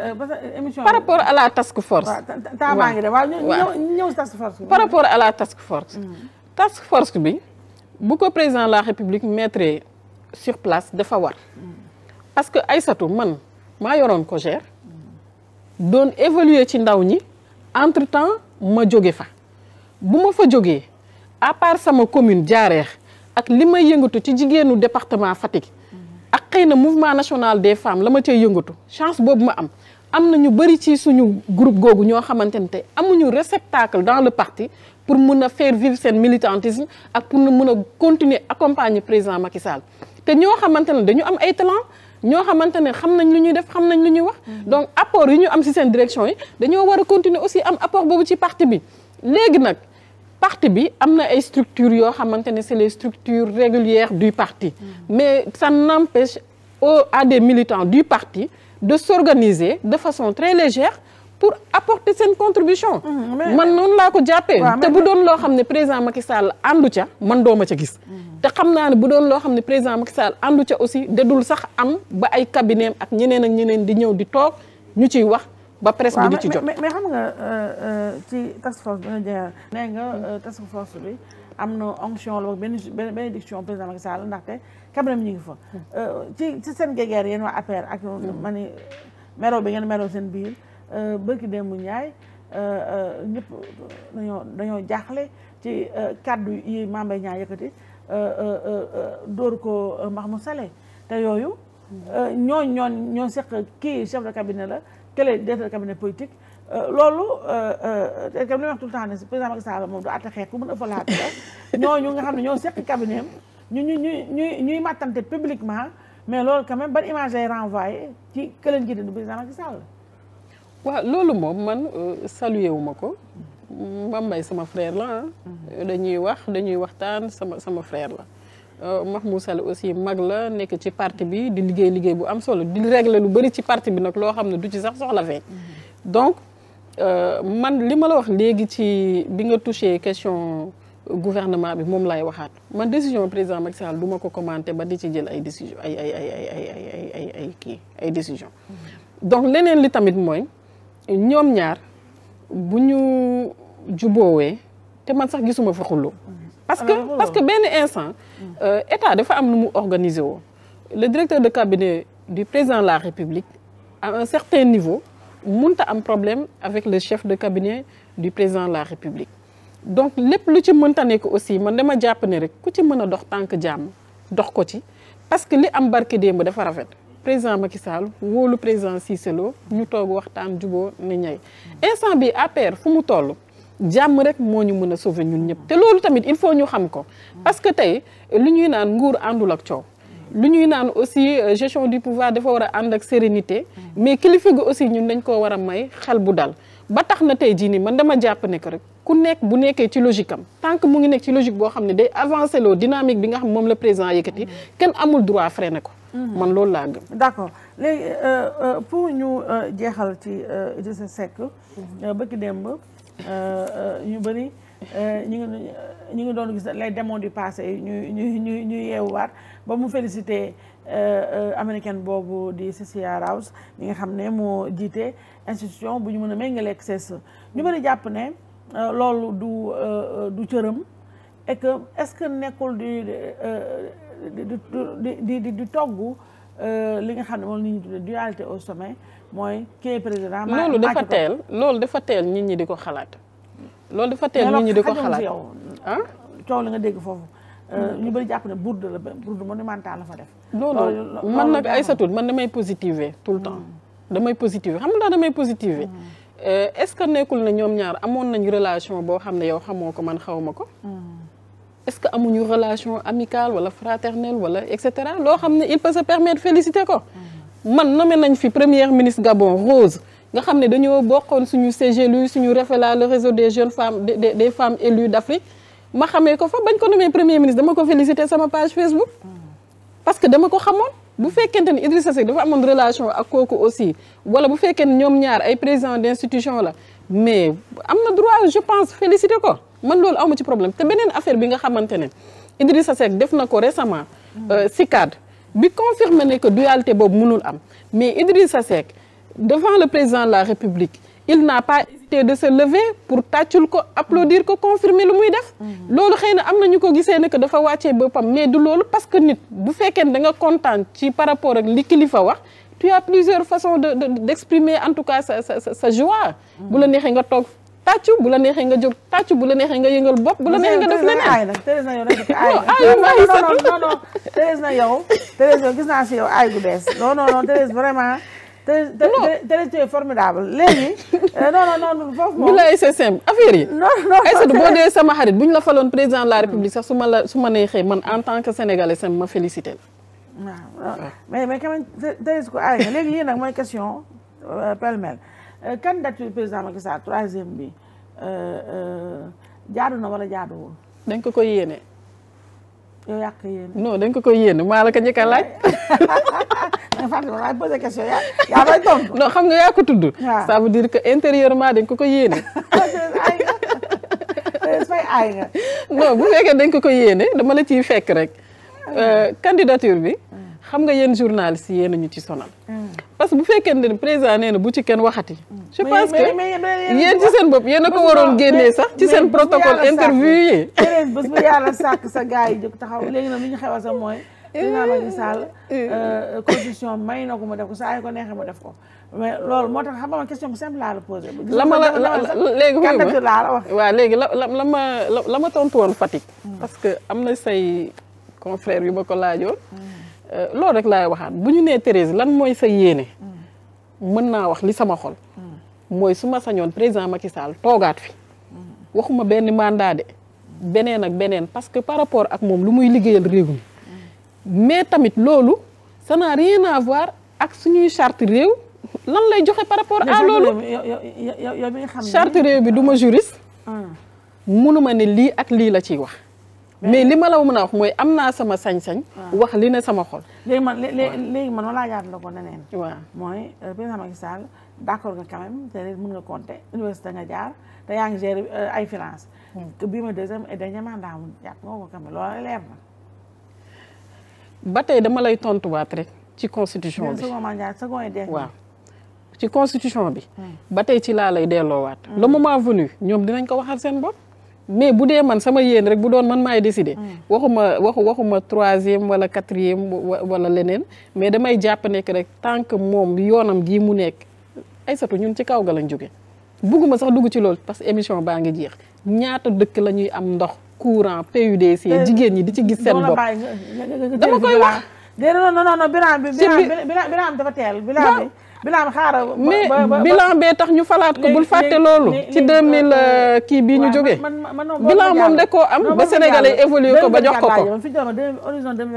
Euh, euh, émission par rapport à la task force. waaw maa ngi dem waaw ñu ñëw si task force par rapport à la mm. bi bu ko président la république mettre sur place dafa war. Mm. parce que ay Aïssatou man maa yoroon ko gère doon évoluer ci ndaw ñi entre temps ma jóge fa bu ma fa jógee à part sama commune Diarère ak li may yëngatu ci jigéenu département Fatick. ak xëy na mouvement national des femmes la ma cay yëngatu chance boobu ma am am na ñu bëri ci suñu groupe googu ñoo xamante ne tey amuñu réceptacle dans le parti pour mun a faire vivre seen militantisme ak pour mun a continuer accompagner président Macky te ñoo xamante ne dañu am ay talent ñoo xamante ne xam nañ lu ñuy def xam nañ lu ñuy wax mm-hmm. donc apport yu ñu am si seen direction yi dañoo war a continuer aussi am apport boobu ci parti bi léegi nag. parti bi am na ay structures yoo xamante ne c'est les structures régulières du parti mm. mais ça n'empêche aux euh, à des militants du parti de s'organiser de façon très légère pour apporter seen contribution mm, man noonu laa ko jàppee te bu doon loo xam ne président Macky Sall àndu ca man dooma ca gis mm. te xam naa ne bu doon loo xam ne président Macky Sall àndu ca aussi dul sax am ba ay cabinet ak ñeneen ak ñeneen di ñëw di toog ñu ciy wax ba presse bi di ci jot mais xam nga euh, euh, ci task force bi nga jeexal. nee nga euh, task force bi am na onction la benn bénédiction président Macky Sall ndaxte cabinet mi ñu ngi fa. ci ci seen gegeer yéen waa APR ak. Hmm. ma ni bi ngeen meroo seen biir bëgg démb Ndiaye ñëpp dañoo dañoo jaaxle ci kaddu yi Mame Mbaye Niang yëkkati dóor ko mu sale te yooyu. ñooñ hmm. ñooñ ñoo seq kii chef de cabinet la. quel est d'être cabinet politique euh, loolu euh, euh, comme li wax tout le temps ne président Macky Sall moom du àtte xeex ku mën a falaat ñooñu nga xam ne ñoo seq cabinet ñu ñu ñu ñuy ñuy màttante publiquement mais loolu quand même ban image lay renvoyé ci këleen jiite du président Macky Sall waa loolu moom man saluer wu ma ko Mame sama frère la ah. mm-hmm. dañuy wax dañuy waxtaan sama sama frère la Euh, Mahmoud Sall aussi mag la nekk ci parti bi di liggéey liggéey bu am solo di régler lu bëri ci parti bi nag loo xam ne du ci sax soxla feeñ mhm. donc euh, man li ma la wax léegi ci bi nga touché question gouvernement bi moom laay waxaat man décision président mag Sall du ma ko commenté ba di ci jël ay décision ay ay ay kii ay décision mhm. donc leneen li tamit mooy ñoom ñaar bu ñu juboowee te man sax gisuma fa xuloo mhm. parce que parce que benn instant euh, état dafa am lu mu organiser woo le directeur de cabinet du président de la république à un certain niveau mun ta am problème avec le chef de cabinet du président de la république donc lépp lu ci mënta nekk aussi man dama jàpp ne rek ku ci mën a dox tànk jàmm dox ko ci parce que li am barke démb dafa rafet président Macky Sall wóolu président Cissé Lo ñu toog waxtaan jubo ne ñay instant bi APR fu mu toll jàmm rek moo ñu mën a sauver ñun ñëpp te loolu tamit il faut ñu xam ko parce que tey lu ñuy naan nguur àndul ak coow lu ñuy naan aussi euh, gestion du pouvoir dafa war a ànd ak sérénité mais kilifa gi aussi ñun dañ koo war a may xel bu dal ba tax na tey jii nii man dama jàpp ne que rek ku nekk bu nekkee ci logic am tant que mu ngi nekk ci logique boo xam ne day avancer loo dynamique bi nga xam moom la président yëkkati kenn amul droit freiné ko mhm. man loolu laa gëm d'accord léegi euh, euh, pour ñu jeexal ci Idrissa Seck mhm. bëgg démb ñu euh, euh, bëri euh, ñu ngi ñu ngi doon gis les démons du passé ñu ñu ñu ñu yeewuwaat ba mu félicité américaine boobu di Cecilia Rouse ñi nga xam ne moo jiite institution bu ñu mën a méngale lekk CESE ñu bëri jàpp ne loolu du du cëram et que est-ce que nekkul di di di di di togg Euh, li nga xam ne moom la ñuy tuddee dualité au sommet mooy kii président. loolu dafa teel loolu dafa teel nit ñi di ko xalaat. loolu dafa teel nit ñi di ko xalaat yow ah coow la nga dégg foofu. Euh, hmm. ñu bëri jàpp ne bourde la bourde monumental la fa def. loolu man nag Aïssatou man damay positiver tout le temps. Hmm. damay positiver xam nga damay positiver. Hmm. Euh, est-ce que nekkul na ñoom ñaar amoon nañu relation boo xam ne yow xamoo ko man xaw ma ko. est-ce que amuñu relation amicale wala fraternelle wala et cetera loo xam ne il peut se permettre féliciter ko. man nommé nañ fi première ministre Gabon Rose nga xam ne dañoo bokkoon suñu CGLU suñu REFELA le réseau des jeunes femmes des des femmes élues d'Afrique ma xamee ko fa bañ ko nommé premier ministre dama ko féliciter sama page Facebook. parce que dama ko xamoon. bu fekkente ni Idrissa Seck dafa amoon relation ak kooku aussi wala bu fekkee ne ñoom ñaar ay président d'institution la mais am na droit je pense féliciter ko. man loolu aw ci problème te beneen affaire bi nga xamante ne Idrissa Seck def na ko récemment. CICAD euh, bi confirmé ne que dualité boobu mënul am mais Idrissa Seck devant le président la République il n'a pas hésité de se lever pour tàccul ko applaudir ko confirmer lu muy def. Mm-hmm. loolu xëy na am na ñu ko gisee ne que dafa wàccee boppam mais du loolu parce que nit bu fekkee ne da nga kontaan ci par rapport ak li kilifa wax. tu as plusieurs façons de d'exprimer en tout cas sa sa sa joie. Mm-hmm. bu la neexee nga toog tàccu bu la neexee nga jóg tàccu bu la neexee nga yëngal bopp bu la neexee nga def leneen aay nag Thérèse na yow non non Thérèse na yow Thérèse yow gis naa vraiment Thérèse tu es formidable léegi euh, non non non foofu moom bu la c'est simple affaire yi non non boo dee sama xarit bu ñu la faloon président de la république sax su ma la su ma neexee man en tant que sénégalais sam ma félicité la mais mais ko aay nga léegi lii nag Euh, candidature président Macky Sall troisième bi euh, euh, jaadu na wala jaaduwul. dañ ko koy yéene. yow yaa ko dañ ko koy yéene maa la ko njëkk a laaj. nga fàttali ma posé question yaa ko tudd. ça veut dire que intérieurement dañ ko koy yéene. fay aay nga. non bu fekkee dañ ko koy yéene dama la ciy fekk rek. candidature bi. Ah. xam nga yéen journalistes yi yéen ñu ci sonal. parce que bu fekkente ne président nee bu ci kenn waxati. je pense que yéen ci seen bopp yéen a ko waroon génnee sax ci seen protocole interview yi. bu yàlla sàkk sa gars yi taxaw léegi ñu xew sa mooy. dinaa Macky Sall euh, condition may na ko mu def ko saa yu ko neexee mu def ko mais loolu moo tax xam nga question bu simple laa la ma la léegi wuyu ma waaw léegi la la ma la ma tontu woon Fatick. Hmm. parce que am na say confrères yu ma ko laajoon. Hmm. Euh, loolu rek laay waxaat bu ñu nee Thérèse lan mooy sa yéene. mën naa wax li sama xol. mooy su ma sañoon président Macky Sall toogaat fi. waxuma benn mandat de. beneen ak beneen parce que par rapport ak moom lu muy liggéeyal réew mi. mais tamit loolu ça n'a rien à voir ak suñuy charte réew. lan lay joxe par rapport à loolu charte réew bi du ma juriste. Ah. mënuma ne lii ak lii la ciy wax. mais li ma la mën a wax mooy am naa sama sañ-sañ. wax li ne sama xol. léegi man léegi man ma laajaat la ko neneen. waaw mooy euh, président Macky Sall d'accord mën nga compter université yaa euh, ay finance hmm. bii ma deuxième et dernier mandat ba tey dama lay tontuwaat rek ci constitution bi waaw ci constitution bi. Hmm. ba tey ci laa lay delloowaat. Hmm. le moment venu ñoom dinañ ko waxal seen bopp. mais bu dee man sama yéen rek bu doon man maay décider. Mm. waxuma waxu waxuma troisième wala quatrième wala leneen mais damay jàpp nekk rek tant que moom yoonam gii mu nekk ay satu ñun ci kaw ga lañ jóge bugguma sax dugg ci loolu parce que émission baa ngi jeex ñaata dëkk la ñuy am ndox courant PUDC jigéen ñi di ci gis seen bopp dama koy wax. déedéet non non non Birame bi Birame dafa teel Birame bilan xaaral mais bilan bee tax ñu falaat ko bul fàtte loolu. ci deux mille euh, kii bii ñu jógee. bilan moom da koo am ba Sénégalais évolué ko ba jox ko ko.